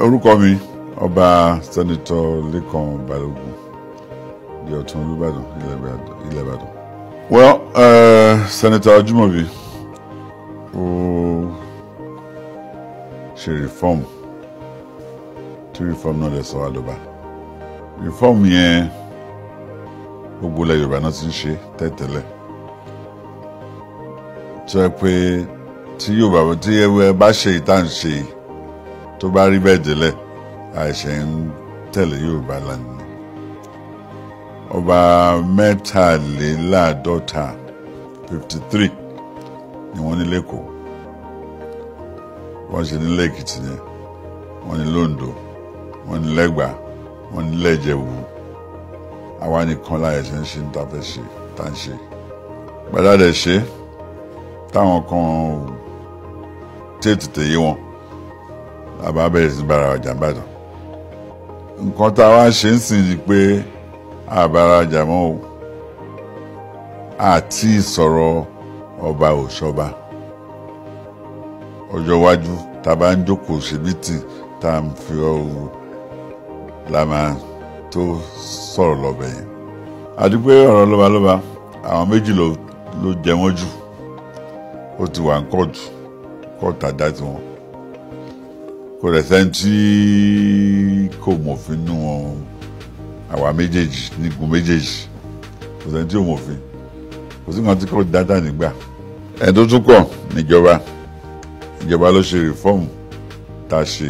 orúkọ mi ọba sẹ́nitọ́ Lékan Balógun di ọ̀tún Olúbàdàn ilẹ̀ Ìbàdàn. well uh, sẹ́nitọ́ Ajímọ̀bí ó ṣe reform tí reform náà lè sọ àdọ́bà reform yẹn gbogbo ilẹ̀ Yorùbá náà ti ń ṣe tẹ́tẹ́lẹ̀ tó yẹ pé tí Yorùbá tí ẹ bá ṣe ìta ń ṣe yìí tó bá rí bẹ́ẹ̀ délẹ̀ àìṣe ń tẹ̀lé yorùbá lánàá ọba mẹ́tàléláàádọ́ta fifty three ni wọ́n ní lẹ́kọ̀ọ́ wọ́n ṣe nílẹ̀ èkìtì yẹn wọ́n ní londo wọ́n ní lẹ́gbà wọ́n ní lẹ́jẹ̀wù àwa nìkan láyé ṣe ń ṣe ń ta fẹ́ ṣe tá ń ṣe gbàdáde ṣe táwọn kan tètè yé wọn àbá bẹ̀rẹ̀ sí bára ọjà ìbàdàn nǹkan tá a wá ṣe ń sìn ni pé àbára ọjà mọ́ o àti ìsọ̀rọ̀ ọba òṣọba ọjọ́ iwájú tá a bá ń jókòó ṣe mítìn tá a fi ọrùn la máa tó sọ̀rọ̀ lọ́bẹ̀ yẹn àdúgbò ọ̀rọ̀ lọ́balọ́ba àwọn méjì ló jẹ wọ́n jù ó ti wà ń kọ́ọ̀tù kọ́ọ̀tù àdá tiwọn kò rẹ̀ sẹ́ni tí kò mọ̀fin nù àwa méjèèjì nígun méjèèjì kò sẹ́ni tí ò mọ̀fin kò sí nǹkan tí kò dáadáa nígbà ẹni tó tún kọ̀ níjọba ìjọba ló ṣe rìfọ́ọ̀mù tá a ṣe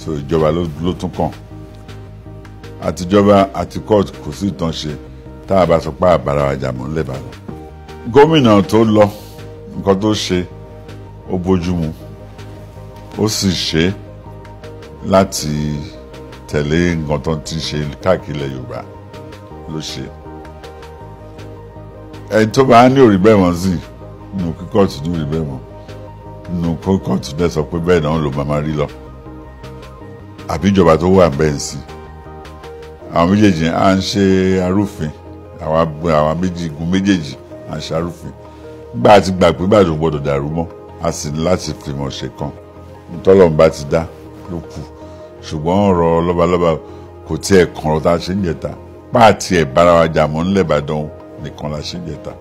so ìjọba ló tún kàn àtijọba àti court kò sí ìtàn ṣe tá a bá sọ pé àbára àjà mọ́ lẹ́bàá lọ gómìnà tó lọ nǹkan tó ṣe ó bójú mu ó sì ṣe láti tẹ̀lé nǹkan tó ti ṣe káàkiri ilẹ̀ Yorùbá ló ṣe ẹni tó bá ní òrí bẹ́ẹ̀ mọ́ sí nù kíkọ́ọ̀tù ní òrí bẹ́ẹ̀ mọ́ nù kíkọ́ọ̀tù dẹ̀ sọ pé bẹ́ẹ̀ náà ló máa rí lọ àbí ìjọba tó wà bẹ́ẹ̀ sí àwọn méjèèjì à ń ṣe arúfin àwọn méjì igun méjèèjì à ń ṣe arúfin gbà àti gbà pé bàjọ́ dàrú mọ́ a sì ní láti fìmọ̀ ṣe kan tọ́lọ́mùbá ti dá ló kù ṣùgbọ́n ọ̀rọ̀ lọ́balọ́ba kò tiẹ̀ kàn ọ́ tá a ṣe ń jẹta páàtì ẹ̀ bára wa jà mọ́ nílẹ̀ ìbàdàn nìkan la ṣe ń jẹta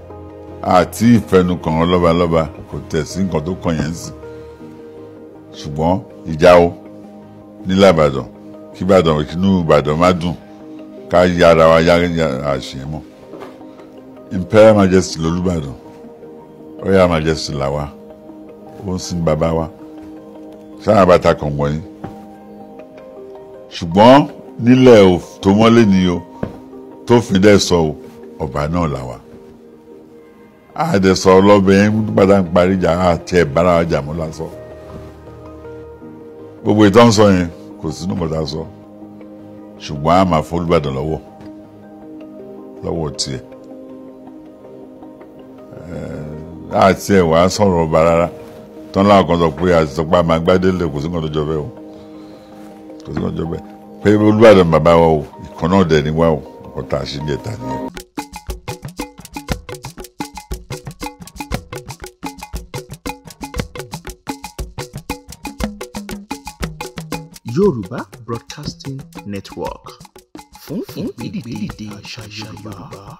àti ìfẹnukàn ọ́ lọ́balọ́ba kò tẹ̀ sí nǹkan tó kàn yẹn sí ṣùgbọ́n ìjà o nílẹ̀ ìbàdàn kí ìbàdàn ìkínú ìbàdàn má dùn ká yára wa yára àṣìyẹn mọ́ imperial majesty lolúbàdàn royal majesty làwa ó ń sin bàbá wa sára bàtà kọ̀ǹgọ̀ ni ṣùgbọ́n nílẹ̀ tó mọ́lé ni o tó fi dẹ́ sọ ọba náà làwà àdẹ̀sọ ọlọ́bẹ̀ yẹn nígbàdá ń parí ìjà àti ẹ̀bára ọjà mú lásọ gbogbo ìtàn sọ yẹn kò sínú bàtà sọ ṣùgbọ́n a máa fọlúbàdàn lọ́wọ́ lọ́wọ́ tiẹ̀ àti ẹ̀wà sọ̀rọ̀ ọba rárá tán láwọn kan sọ pé àtìsọpá máa gbádé lè kò sí nǹkan tó jọ bẹ́ẹ̀ o kò sí nǹkan tó jọ bẹ́ẹ̀ pé Olúbàdàn bàbá wa o ìkan náà dẹ̀ ni wá o ọ̀tá àṣìjẹta nìyẹn. Yorùbá Broadcasting Network fún ìgbèdéde àṣà Yorùbá.